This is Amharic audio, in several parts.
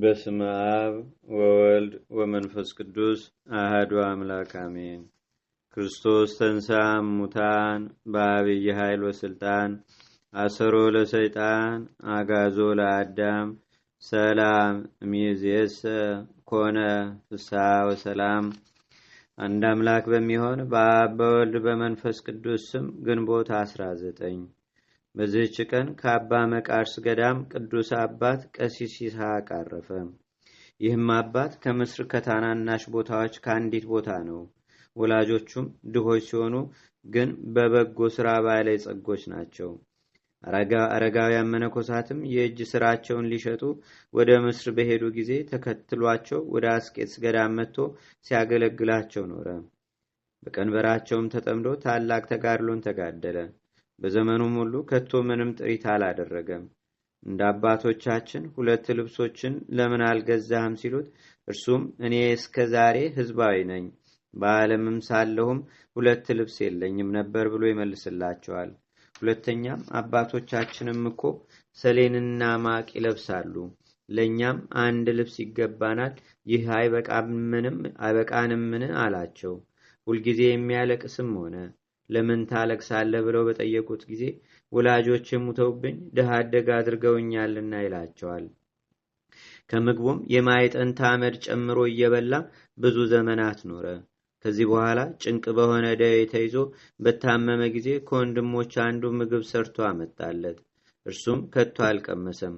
በስመ አብ ወወልድ ወመንፈስ ቅዱስ አህዱ አምላክ አሜን። ክርስቶስ ተንሳ ሙታን በአብይ ኃይል ወስልጣን አሰሮ ለሰይጣን አጋዞ ለአዳም ሰላም ሚዝየሰ ኮነ ፍስሐ ወሰላም። አንድ አምላክ በሚሆን በአብ በወልድ በመንፈስ ቅዱስ ስም ግንቦት አስራ ዘጠኝ በዚህች ቀን ከአባ መቃርስ ገዳም ቅዱስ አባት ቀሲስ ይስሐቅ አረፈ። ይህም አባት ከምስር ከታናናሽ ቦታዎች ከአንዲት ቦታ ነው። ወላጆቹም ድሆች ሲሆኑ ግን በበጎ ሥራ ባለጸጎች ናቸው። አረጋውያን መነኮሳትም የእጅ ሥራቸውን ሊሸጡ ወደ ምስር በሄዱ ጊዜ ተከትሏቸው ወደ አስቄትስ ገዳም መጥቶ ሲያገለግላቸው ኖረ። በቀንበራቸውም ተጠምዶ ታላቅ ተጋድሎን ተጋደለ። በዘመኑም ሁሉ ከቶ ምንም ጥሪት አላደረገም። እንደ አባቶቻችን ሁለት ልብሶችን ለምን አልገዛህም ሲሉት እርሱም እኔ እስከ ዛሬ ህዝባዊ ነኝ፣ በዓለምም ሳለሁም ሁለት ልብስ የለኝም ነበር ብሎ ይመልስላቸዋል። ሁለተኛም አባቶቻችንም እኮ ሰሌንና ማቅ ይለብሳሉ፣ ለእኛም አንድ ልብስ ይገባናል፣ ይህ አይበቃንም ምን አላቸው። ሁልጊዜ የሚያለቅስም ሆነ ለምን ታለቅሳለህ ብለው በጠየቁት ጊዜ ወላጆች የሙተውብኝ ድሃ አደግ አድርገውኛልና ይላቸዋል። ከምግቡም የማይጠንት አመድ ጨምሮ እየበላ ብዙ ዘመናት ኖረ። ከዚህ በኋላ ጭንቅ በሆነ ደዌ ተይዞ በታመመ ጊዜ ከወንድሞች አንዱ ምግብ ሰርቶ አመጣለት። እርሱም ከቶ አልቀመሰም።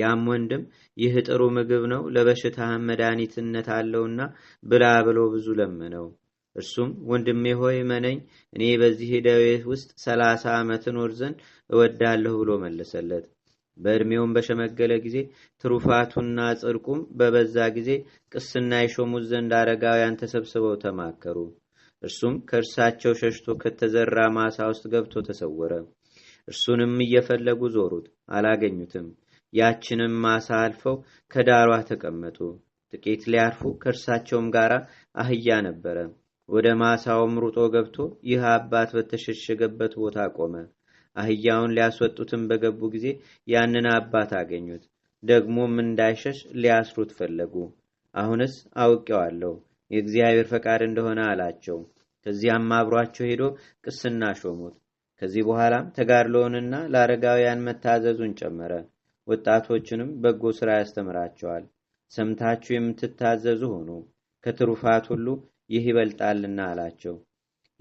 ያም ወንድም ይህ ጥሩ ምግብ ነው፣ ለበሽታህ መድኃኒትነት አለውና ብላ ብሎ ብዙ ለመነው። እርሱም ወንድሜ ሆይ መነኝ እኔ በዚህ ደዌ ውስጥ ሰላሳ ዓመት ኖር ዘንድ እወዳለሁ ብሎ መለሰለት። በእድሜውም በሸመገለ ጊዜ ትሩፋቱና ጽድቁም በበዛ ጊዜ ቅስና የሾሙት ዘንድ አረጋውያን ተሰብስበው ተማከሩ። እርሱም ከእርሳቸው ሸሽቶ ከተዘራ ማሳ ውስጥ ገብቶ ተሰወረ። እርሱንም እየፈለጉ ዞሩት፣ አላገኙትም። ያችንም ማሳ አልፈው ከዳሯ ተቀመጡ። ጥቂት ሊያርፉ ከእርሳቸውም ጋር አህያ ነበረ። ወደ ማሳውም ሩጦ ገብቶ ይህ አባት በተሸሸገበት ቦታ ቆመ። አህያውን ሊያስወጡትም በገቡ ጊዜ ያንን አባት አገኙት። ደግሞም እንዳይሸሽ ሊያስሩት ፈለጉ። አሁንስ አውቄዋለሁ የእግዚአብሔር ፈቃድ እንደሆነ አላቸው። ከዚያም አብሯቸው ሄዶ ቅስና ሾሙት። ከዚህ በኋላም ተጋድሎውንና ለአረጋውያን መታዘዙን ጨመረ። ወጣቶችንም በጎ ሥራ ያስተምራቸዋል። ሰምታችሁ የምትታዘዙ ሆኑ፣ ከትሩፋት ሁሉ ይህ ይበልጣልና አላቸው።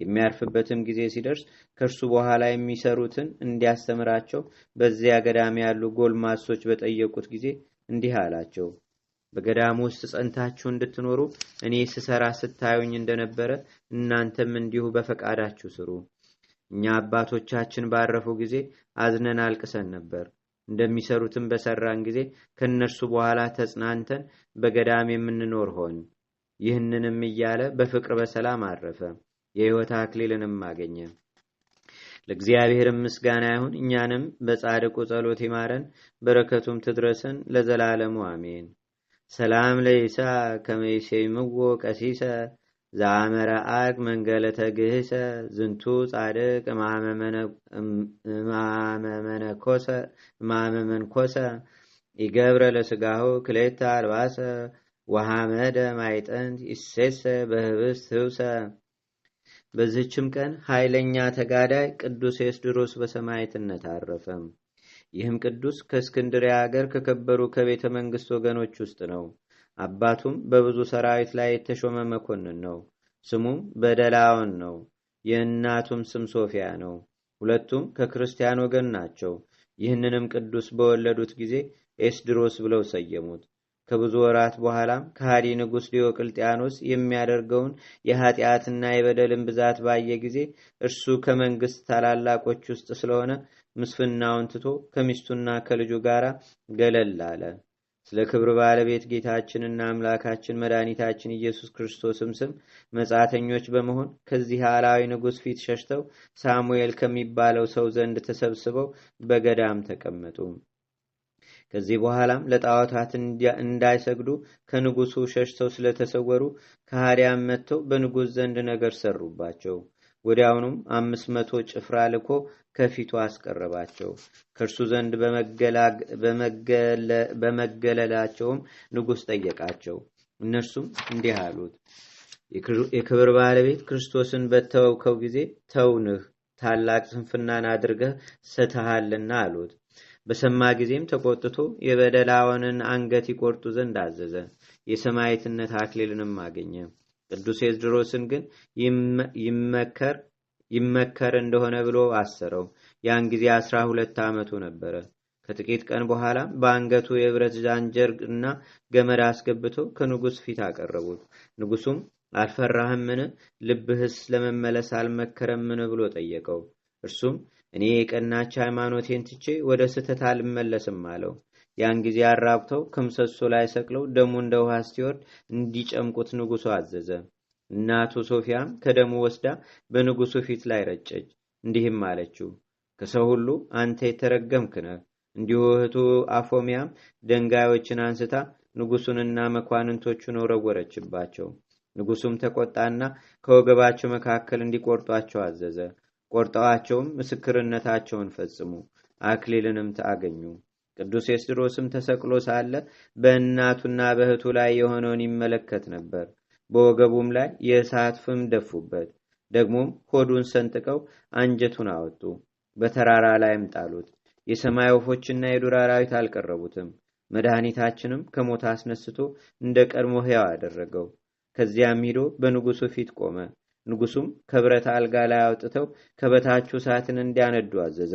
የሚያርፍበትም ጊዜ ሲደርስ ከእርሱ በኋላ የሚሰሩትን እንዲያስተምራቸው በዚያ ገዳም ያሉ ጎልማሶች በጠየቁት ጊዜ እንዲህ አላቸው። በገዳም ውስጥ ጸንታችሁ እንድትኖሩ እኔ ስሰራ ስታዩኝ እንደነበረ እናንተም እንዲሁ በፈቃዳችሁ ስሩ። እኛ አባቶቻችን ባረፉ ጊዜ አዝነን አልቅሰን ነበር። እንደሚሰሩትም በሰራን ጊዜ ከእነርሱ በኋላ ተጽናንተን በገዳም የምንኖር ሆን ይህንንም እያለ በፍቅር በሰላም አረፈ። የሕይወት አክሊልንም አገኘ። ለእግዚአብሔር ምስጋና ይሁን። እኛንም በጻድቁ ጸሎት ይማረን፣ በረከቱም ትድረሰን ለዘላለሙ አሜን። ሰላም ለይሳ ምዎ ቀሲሰ ዛአመረ አቅ መንገለተ ግህሰ ዝንቱ ጻድቅ እማመመንኮሰ ኢገብረ ለስጋሁ ክሌታ አልባሰ ወሃመደ ማይጠንት ይሴሰ በህብስት ህውሰ። በዚህችም ቀን ኃይለኛ ተጋዳይ ቅዱስ ኤስድሮስ በሰማይትነት አረፈ። ይህም ቅዱስ ከእስክንድሪ አገር ከከበሩ ከቤተ መንግሥት ወገኖች ውስጥ ነው። አባቱም በብዙ ሰራዊት ላይ የተሾመ መኮንን ነው። ስሙም በደላውን ነው። የእናቱም ስም ሶፊያ ነው። ሁለቱም ከክርስቲያን ወገን ናቸው። ይህንንም ቅዱስ በወለዱት ጊዜ ኤስድሮስ ብለው ሰየሙት። ከብዙ ወራት በኋላም ከሃዲ ንጉሥ ዲዮቅልጥያኖስ የሚያደርገውን የኃጢአትና የበደልን ብዛት ባየ ጊዜ እርሱ ከመንግሥት ታላላቆች ውስጥ ስለሆነ ምስፍናውን ትቶ ከሚስቱና ከልጁ ጋር ገለል አለ። ስለ ክብር ባለቤት ጌታችንና አምላካችን መድኃኒታችን ኢየሱስ ክርስቶስም ስም መጻተኞች በመሆን ከዚህ አላዊ ንጉሥ ፊት ሸሽተው ሳሙኤል ከሚባለው ሰው ዘንድ ተሰብስበው በገዳም ተቀመጡ። ከዚህ በኋላም ለጣዖታት እንዳይሰግዱ ከንጉሱ ሸሽተው ስለተሰወሩ ከሃዲያም መጥተው በንጉሥ ዘንድ ነገር ሰሩባቸው። ወዲያውኑም አምስት መቶ ጭፍራ ልኮ ከፊቱ አስቀረባቸው። ከእርሱ ዘንድ በመገለላቸውም ንጉሥ ጠየቃቸው። እነርሱም እንዲህ አሉት፣ የክብር ባለቤት ክርስቶስን በተወከው ጊዜ ተውንህ፣ ታላቅ ስንፍናን አድርገህ ሰተሃልና አሉት። በሰማ ጊዜም ተቆጥቶ የበደላውንን አንገት ይቆርጡ ዘንድ አዘዘ። የሰማይትነት አክሊልንም አገኘ። ቅዱስ የዝድሮስን ግን ይመከር ይመከር እንደሆነ ብሎ አሰረው። ያን ጊዜ አስራ ሁለት ዓመቱ ነበረ። ከጥቂት ቀን በኋላ በአንገቱ የብረት ዛንጀር እና ገመድ አስገብቶ ከንጉሥ ፊት አቀረቡት። ንጉሱም አልፈራህምን? ልብህስ ለመመለስ አልመከረምን? ብሎ ጠየቀው። እርሱም እኔ የቀናች ሃይማኖቴን ትቼ ወደ ስህተት አልመለስም አለው። ያን ጊዜ አራብተው ከምሰሶ ላይ ሰቅለው ደሙ እንደ ውሃ እስቲወርድ እንዲጨምቁት ንጉሱ አዘዘ። እናቱ ሶፊያም ከደሙ ወስዳ በንጉሱ ፊት ላይ ረጨች። እንዲህም አለችው፣ ከሰው ሁሉ አንተ የተረገምክ ነህ። እንዲሁ እህቱ አፎሚያም ደንጋዮችን አንስታ ንጉሱንና መኳንንቶቹን ወረወረችባቸው። ንጉሱም ተቆጣና ከወገባቸው መካከል እንዲቆርጧቸው አዘዘ። ቆርጠዋቸውም ምስክርነታቸውን ፈጽሙ፣ አክሊልንም አገኙ። ቅዱስ ኤስድሮስም ተሰቅሎ ሳለ በእናቱና በእህቱ ላይ የሆነውን ይመለከት ነበር። በወገቡም ላይ የእሳት ፍም ደፉበት። ደግሞም ሆዱን ሰንጥቀው አንጀቱን አወጡ፣ በተራራ ላይም ጣሉት። የሰማይ ወፎችና የዱር አራዊት አልቀረቡትም። መድኃኒታችንም ከሞት አስነስቶ እንደ ቀድሞ ሕያው አደረገው። ከዚያም ሂዶ በንጉሱ ፊት ቆመ። ንጉሱም ከብረት አልጋ ላይ አውጥተው ከበታቹ እሳትን እንዲያነዱ አዘዘ።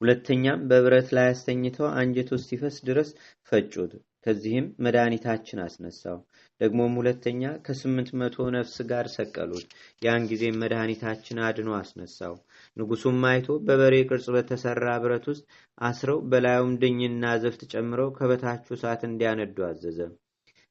ሁለተኛም በብረት ላይ አስተኝተው አንጀቱ እስኪፈስ ድረስ ፈጩት። ከዚህም መድኃኒታችን አስነሳው። ደግሞም ሁለተኛ ከስምንት መቶ ነፍስ ጋር ሰቀሉት። ያን ጊዜም መድኃኒታችን አድኖ አስነሳው። ንጉሱም አይቶ በበሬ ቅርጽ በተሰራ ብረት ውስጥ አስረው በላዩም ድኝና ዘፍት ጨምረው ከበታቹ እሳት እንዲያነዱ አዘዘ።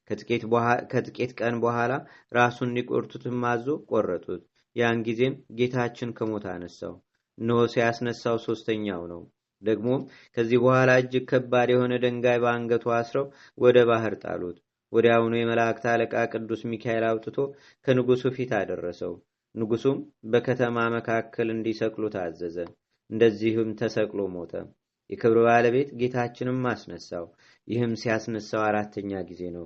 ከጥቂት ቀን በኋላ ራሱን እንዲቆርጡት አዞ ቆረጡት። ያን ጊዜም ጌታችን ከሞት አነሳው። እነሆ ሲያስነሳው ሶስተኛው ነው። ደግሞም ከዚህ በኋላ እጅግ ከባድ የሆነ ድንጋይ በአንገቱ አስረው ወደ ባህር ጣሉት። ወዲያውኑ የመላእክት አለቃ ቅዱስ ሚካኤል አውጥቶ ከንጉሱ ፊት አደረሰው። ንጉሱም በከተማ መካከል እንዲሰቅሉ ታዘዘ። እንደዚህም ተሰቅሎ ሞተ። የክብር ባለቤት ጌታችንም አስነሳው። ይህም ሲያስነሳው አራተኛ ጊዜ ነው።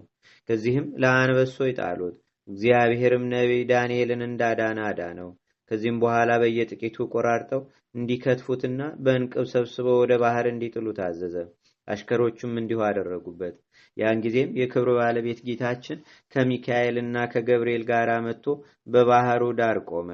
ከዚህም ለአንበሶ ይጣሉት። እግዚአብሔርም ነቢይ ዳንኤልን እንዳዳነ ነው። ከዚህም በኋላ በየጥቂቱ ቆራርጠው እንዲከትፉትና በእንቅብ ሰብስበው ወደ ባህር እንዲጥሉ ታዘዘ። አሽከሮቹም እንዲሁ አደረጉበት። ያን ጊዜም የክብር ባለቤት ጌታችን ከሚካኤልና ከገብርኤል ጋር መጥቶ በባህሩ ዳር ቆመ።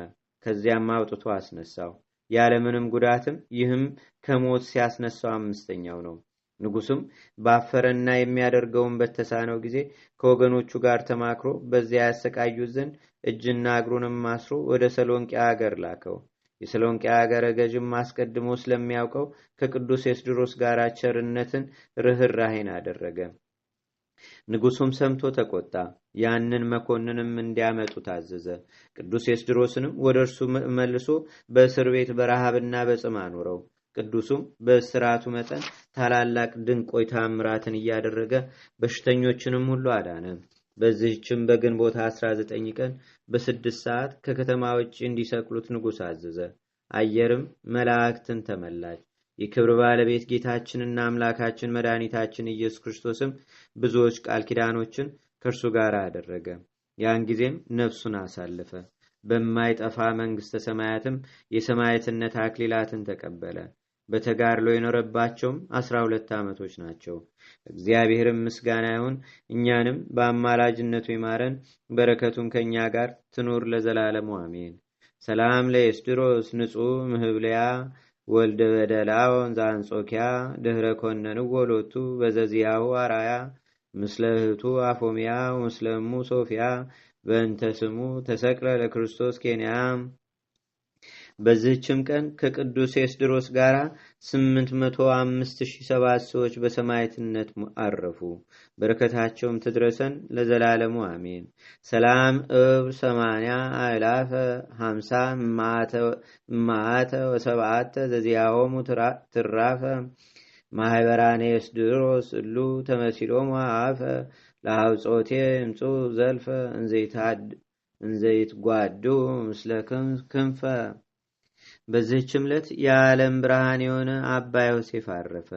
ከዚያም አውጥቶ አስነሳው ያለምንም ጉዳትም። ይህም ከሞት ሲያስነሳው አምስተኛው ነው። ንጉስም ባፈረና የሚያደርገውን በተሳነው ጊዜ ከወገኖቹ ጋር ተማክሮ በዚያ ያሰቃዩት ዘንድ እጅና እግሩንም አስሮ ወደ ሰሎንቄ አገር ላከው። የሰሎንቄ አገረ ገዥም አስቀድሞ ስለሚያውቀው ከቅዱስ ኤስድሮስ ጋር ቸርነትን ርኅራሄን አደረገ። ንጉሱም ሰምቶ ተቆጣ። ያንን መኮንንም እንዲያመጡ ታዘዘ። ቅዱስ ኤስድሮስንም ወደ እርሱ መልሶ በእስር ቤት በረሃብና በጽም አኑረው ቅዱሱም በስርዓቱ መጠን ታላላቅ ድንቆይ ታምራትን እያደረገ በሽተኞችንም ሁሉ አዳነ። በዚህችም በግንቦት 19 ቀን በስድስት ሰዓት ከከተማ ውጭ እንዲሰቅሉት ንጉሥ አዘዘ። አየርም መላእክትን ተመላች። የክብር ባለቤት ጌታችንና አምላካችን መድኃኒታችን ኢየሱስ ክርስቶስም ብዙዎች ቃል ኪዳኖችን ከእርሱ ጋር አደረገ። ያን ጊዜም ነፍሱን አሳለፈ። በማይጠፋ መንግሥተ ሰማያትም የሰማዕትነት አክሊላትን ተቀበለ። በተጋድሎ የኖረባቸውም አስራ ሁለት ዓመቶች ናቸው። እግዚአብሔርም ምስጋና ይሁን፣ እኛንም በአማላጅነቱ ይማረን፣ በረከቱም ከእኛ ጋር ትኑር ለዘላለሙ አሜን። ሰላም ለኤስድሮስ ንጹሕ ምህብልያ ወልደ በደላ ወንዛ አንጾኪያ ድኅረ ኮነን ወሎቱ በዘዚያው አራያ ምስለ እህቱ አፎሚያ ምስለ እሙ ሶፊያ በእንተ ስሙ ተሰቅለ ለክርስቶስ ኬንያ በዚህችም ቀን ከቅዱስ ኤስድሮስ ጋር 8057 ሰዎች በሰማይትነት አረፉ። በረከታቸውም ትድረሰን ለዘላለሙ አሜን። ሰላም እብ 80 አእላፈ 50 ማዕተ ወሰብዓተ ዘዚያሆሙ ትራፈ ማህበራኔ ኤስድሮስ እሉ ተመሲሎሙ አፈ ለሀብጾቴ እምፁ ዘልፈ እንዘይት ጓዱ ምስለ ክንፈ በዚህችም ዕለት የዓለም ብርሃን የሆነ አባ ዮሴፍ አረፈ።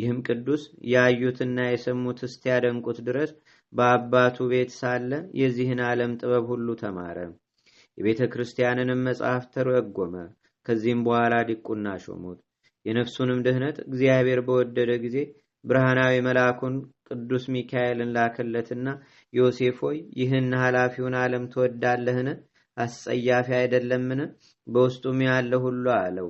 ይህም ቅዱስ ያዩትና የሰሙት ያደንቁት ድረስ በአባቱ ቤት ሳለ የዚህን ዓለም ጥበብ ሁሉ ተማረ። የቤተ ክርስቲያንንም መጽሐፍ ተረጎመ። ከዚህም በኋላ ዲቁና ሾሙት። የነፍሱንም ድህነት እግዚአብሔር በወደደ ጊዜ ብርሃናዊ መልአኩን ቅዱስ ሚካኤልን ላከለትና ዮሴፍ ሆይ ይህን ኃላፊውን ዓለም ትወዳለህን? አስጸያፊ አይደለምን? በውስጡም ያለ ሁሉ አለው።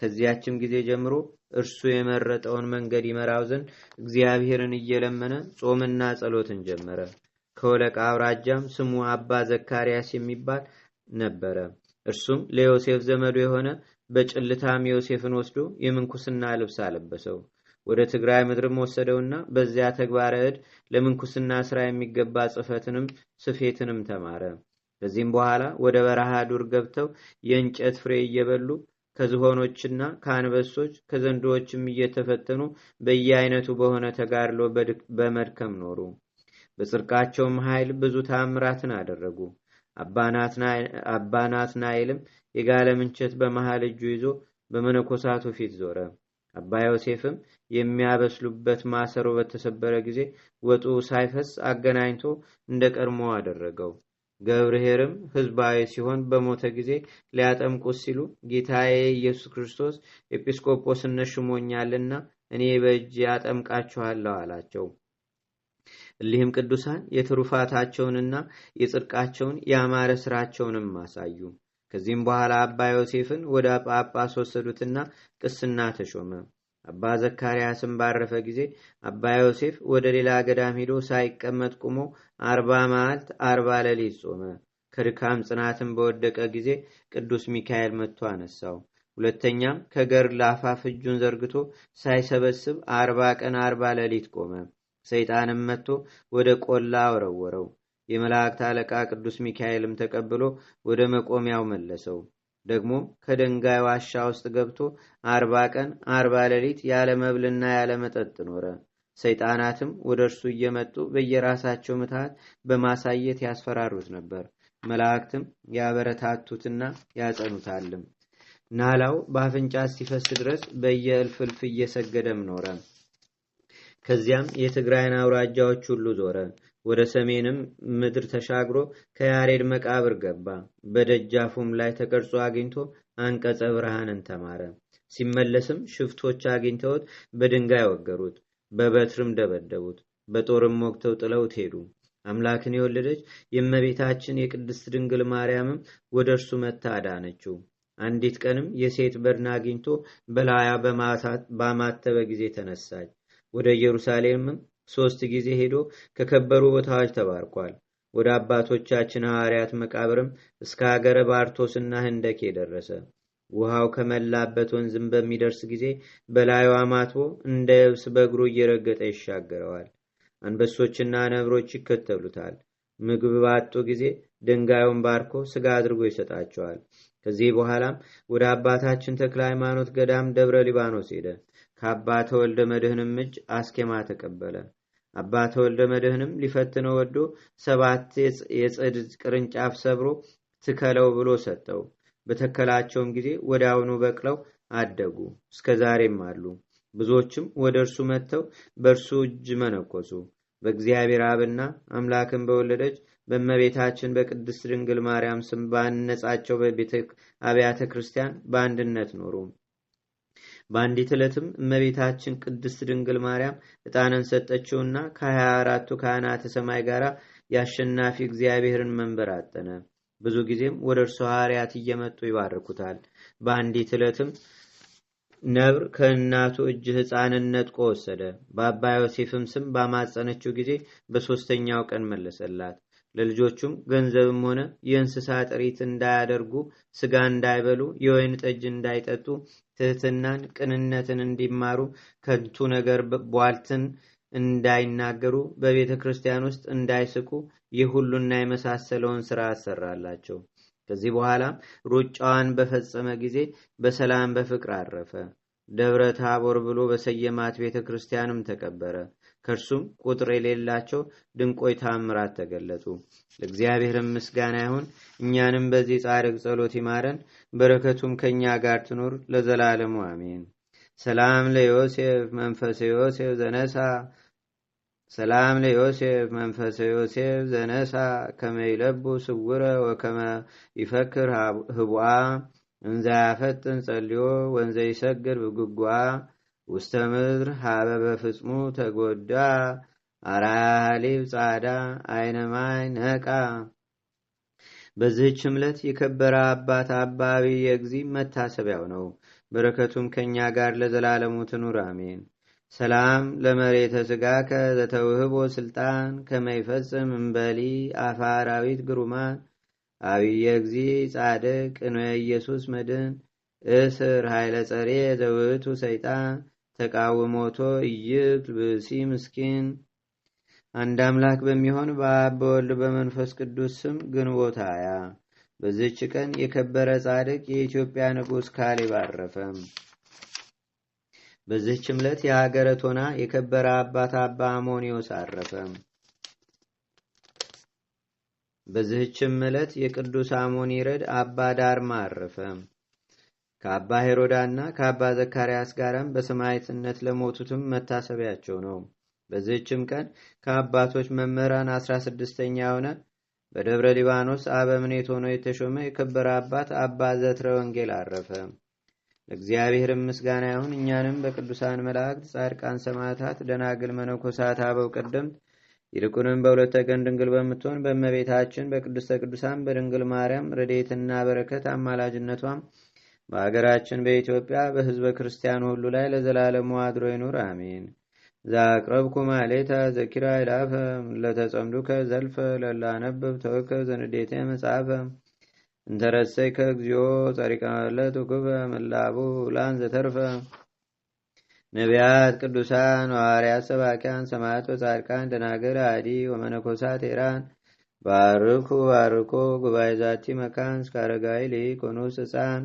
ከዚያችም ጊዜ ጀምሮ እርሱ የመረጠውን መንገድ ይመራው ዘንድ እግዚአብሔርን እየለመነ ጾምና ጸሎትን ጀመረ። ከወለቃ አውራጃም ስሙ አባ ዘካርያስ የሚባል ነበረ። እርሱም ለዮሴፍ ዘመዱ የሆነ በጭልታም ዮሴፍን ወስዶ የምንኩስና ልብስ አለበሰው። ወደ ትግራይ ምድርም ወሰደውና በዚያ ተግባረ ዕድ ለምንኩስና ሥራ የሚገባ ጽፈትንም ስፌትንም ተማረ። ከዚህም በኋላ ወደ በረሃ ዱር ገብተው የእንጨት ፍሬ እየበሉ ከዝሆኖችና ከአንበሶች ከዘንዶዎችም እየተፈተኑ በየአይነቱ በሆነ ተጋድሎ በመድከም ኖሩ። በጽድቃቸውም ኃይል ብዙ ታምራትን አደረጉ። አባናት ናይልም የጋለ ምንቸት በመሃል እጁ ይዞ በመነኮሳቱ ፊት ዞረ። አባ ዮሴፍም የሚያበስሉበት ማሰሮ በተሰበረ ጊዜ ወጡ ሳይፈስ አገናኝቶ እንደ ቀድሞ አደረገው። ገብርሔርም ህዝባዊ ሲሆን በሞተ ጊዜ ሊያጠምቁት ሲሉ ጌታዬ ኢየሱስ ክርስቶስ ኤጲስቆጶስነት ሹሞኛልና እኔ በእጅ ያጠምቃችኋለሁ አላቸው። እሊህም ቅዱሳን የትሩፋታቸውንና የጽድቃቸውን ያማረ ስራቸውንም አሳዩ። ከዚህም በኋላ አባ ዮሴፍን ወደ ጳጳስ ወሰዱትና ቅስና ተሾመ። አባ ዘካርያስም ባረፈ ጊዜ አባ ዮሴፍ ወደ ሌላ ገዳም ሄዶ ሳይቀመጥ ቁሞ አርባ መዓልት አርባ ሌሊት ጾመ። ከድካም ጽናትን በወደቀ ጊዜ ቅዱስ ሚካኤል መጥቶ አነሳው። ሁለተኛም ከገር አፋፍ እጁን ዘርግቶ ሳይሰበስብ አርባ ቀን አርባ ሌሊት ቆመ። ሰይጣንም መጥቶ ወደ ቆላ አወረወረው። የመላእክት አለቃ ቅዱስ ሚካኤልም ተቀብሎ ወደ መቆሚያው መለሰው። ደግሞም ከድንጋይ ዋሻ ውስጥ ገብቶ አርባ ቀን አርባ ሌሊት ያለ መብልና ያለ መጠጥ ኖረ። ሰይጣናትም ወደ እርሱ እየመጡ በየራሳቸው ምትሃት በማሳየት ያስፈራሩት ነበር። መላእክትም ያበረታቱትና ያጸኑታልም። ናላው በአፍንጫ እስኪፈስ ድረስ በየእልፍልፍ እየሰገደም ኖረ። ከዚያም የትግራይን አውራጃዎች ሁሉ ዞረ። ወደ ሰሜንም ምድር ተሻግሮ ከያሬድ መቃብር ገባ። በደጃፉም ላይ ተቀርጾ አግኝቶ አንቀጸ ብርሃንን ተማረ። ሲመለስም ሽፍቶች አግኝተውት በድንጋይ ወገሩት፣ በበትርም ደበደቡት፣ በጦርም ወግተው ጥለውት ሄዱ። አምላክን የወለደች የእመቤታችን የቅድስት ድንግል ማርያምም ወደ እርሱ መታ አዳነችው። አንዲት ቀንም የሴት በድን አግኝቶ በላያ በማተበ ጊዜ ተነሳች። ወደ ኢየሩሳሌምም ሦስት ጊዜ ሄዶ ከከበሩ ቦታዎች ተባርኳል። ወደ አባቶቻችን ሐዋርያት መቃብርም እስከ አገረ ባርቶስና ህንደኬ ደረሰ። ውሃው ከመላበት ወንዝም በሚደርስ ጊዜ በላዩ አማትቦ እንደ የብስ በእግሩ እየረገጠ ይሻገረዋል። አንበሶችና ነብሮች ይከተሉታል። ምግብ ባጡ ጊዜ ድንጋዩን ባርኮ ስጋ አድርጎ ይሰጣቸዋል። ከዚህ በኋላም ወደ አባታችን ተክለ ሃይማኖት ገዳም ደብረ ሊባኖስ ሄደ። ከአባተ ወልደ መድህንም እጅ አስኬማ ተቀበለ። አባ ተወልደ መድህንም ሊፈትነው ወዶ ሰባት የጽድ ቅርንጫፍ ሰብሮ ትከለው ብሎ ሰጠው። በተከላቸውም ጊዜ ወደ በቅለው አደጉ፣ እስከ ዛሬም አሉ። ብዙዎችም ወደ እርሱ መጥተው በእርሱ እጅ መነኮሱ። በእግዚአብሔር አብና አምላክን በወለደች በእመቤታችን በቅድስት ድንግል ማርያም ስም ባነጻቸው አብያተ ክርስቲያን በአንድነት ኖሩ። በአንዲት ዕለትም እመቤታችን ቅድስት ድንግል ማርያም ዕጣንን ሰጠችውና ከሀያ አራቱ ካህናተ ሰማይ ጋር የአሸናፊ እግዚአብሔርን መንበር አጠነ። ብዙ ጊዜም ወደ እርሱ ሐዋርያት እየመጡ ይባርኩታል። በአንዲት ዕለትም ነብር ከእናቱ እጅ ሕፃንን ነጥቆ ወሰደ። በአባ ዮሴፍም ስም ባማጸነችው ጊዜ በሦስተኛው ቀን መለሰላት። ለልጆቹም ገንዘብም ሆነ የእንስሳ ጥሪት እንዳያደርጉ፣ ስጋ እንዳይበሉ፣ የወይን ጠጅ እንዳይጠጡ፣ ትህትናን ቅንነትን እንዲማሩ፣ ከንቱ ነገር ቧልትን እንዳይናገሩ፣ በቤተ ክርስቲያን ውስጥ እንዳይስቁ፣ ይህ ሁሉና የመሳሰለውን ሥራ አሰራላቸው። ከዚህ በኋላም ሩጫዋን በፈጸመ ጊዜ በሰላም በፍቅር አረፈ። ደብረ ታቦር ብሎ በሰየማት ቤተ ክርስቲያንም ተቀበረ። ከእርሱም ቁጥር የሌላቸው ድንቆይ ታምራት ተገለጹ። ለእግዚአብሔር ምስጋና ይሁን። እኛንም በዚህ ጻድቅ ጸሎት ይማረን፣ በረከቱም ከእኛ ጋር ትኑር ለዘላለሙ አሜን። ሰላም ለዮሴፍ መንፈሰ ዮሴፍ ዘነሳ ሰላም ለዮሴፍ መንፈሰ ዮሴፍ ዘነሳ ከመይለቡ ስውረ ወከመ ይፈክር ህቡአ እንዘ ጸልዮ ወንዘ ይሰግድ ብግጓ ውስተ ምድር ሀበ በፍጽሙ ተጎዳ አራሊብ ጻዳ አይነማይ ነቃ በዚህች እምለት የከበረ አባት አባ የግዚ መታሰቢያው ነው። በረከቱም ከእኛ ጋር ለዘላለሙ ትኑር አሜን። ሰላም ለመሬተ ስጋ ዘተውህቦ ስልጣን ከመይፈጽም እምበሊ አፋራዊት ግሩማን አብየ እግዚእ ጻድቅ እነ ኢየሱስ መድን እስር ኃይለ ጸሬ ዘውህቱ ሰይጣን ተቃውሞቶ ኢይብ ብእሲ ምስኪን አንድ አምላክ በሚሆን በአብ በወልድ በመንፈስ ቅዱስ ስም ግንቦት ሃያ በዚች ቀን የከበረ ጻድቅ የኢትዮጵያ ንጉሥ ካሌብ አረፈ። በዝች ዕለት የሀገረ ቶና የከበረ አባት አባ አሞኒዮስ አረፈ። በዚህችም ዕለት የቅዱስ አሞኒ ረድ አባ ዳርማ አረፈም። ከአባ ሄሮዳና ከአባ ዘካርያስ ጋርም በሰማይትነት ለሞቱትም መታሰቢያቸው ነው። በዚህችም ቀን ከአባቶች መምህራን አስራ ስድስተኛ የሆነ በደብረ ሊባኖስ አበምኔት ሆኖ የተሾመ የከበረ አባት አባ ዘትረ ወንጌል አረፈ። ለእግዚአብሔር ምስጋና ይሁን። እኛንም በቅዱሳን መላእክት፣ ጻድቃን፣ ሰማዕታት፣ ደናግል፣ መነኮሳት፣ አበው ቀደምት ይልቁንም በሁለት ቀን ድንግል በምትሆን በእመቤታችን በቅድስተ ቅዱሳን በድንግል ማርያም ረዴትና በረከት አማላጅነቷም በአገራችን በኢትዮጵያ በሕዝበ ክርስቲያን ሁሉ ላይ ለዘላለሙ አድሮ ይኑር። አሜን። ዛቅረብኩ ማሌታ ዘኪራ ይላፈ ለተጸምዱከ ዘልፈ ለላነብብ ተወከ ዘንዴቴ መጽሐፈ እንተረሰይ እግዚኦ ጸሪቀመለት ውክበ መላቡ ላን ዘተርፈ ነቢያት፣ ቅዱሳን፣ ሐዋርያት፣ ሰባኪያን፣ ሰማያት፣ ወጻድቃን፣ ደናግር፣ አዲ ወመነኮሳት ቴራን ባርኩ ባርኮ ጉባኤ ዛቲ መካን እስካረጋይ ኮኑስ ህፃን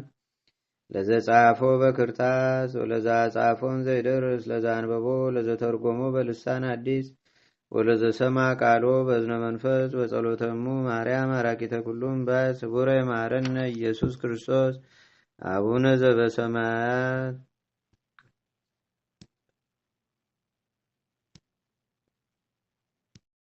ለዘጻፎ በክርታስ ወለዛ ጻፎን ዘይደርስ ለዛ አንበቦ ለዘተርጎሞ በልሳን አዲስ ወለዘሰማ ቃሎ በዝነ መንፈስ ወጸሎተሙ ማርያም አራቂተ ኩሉም ባት ማረነ ኢየሱስ ክርስቶስ አቡነ ዘበሰማያት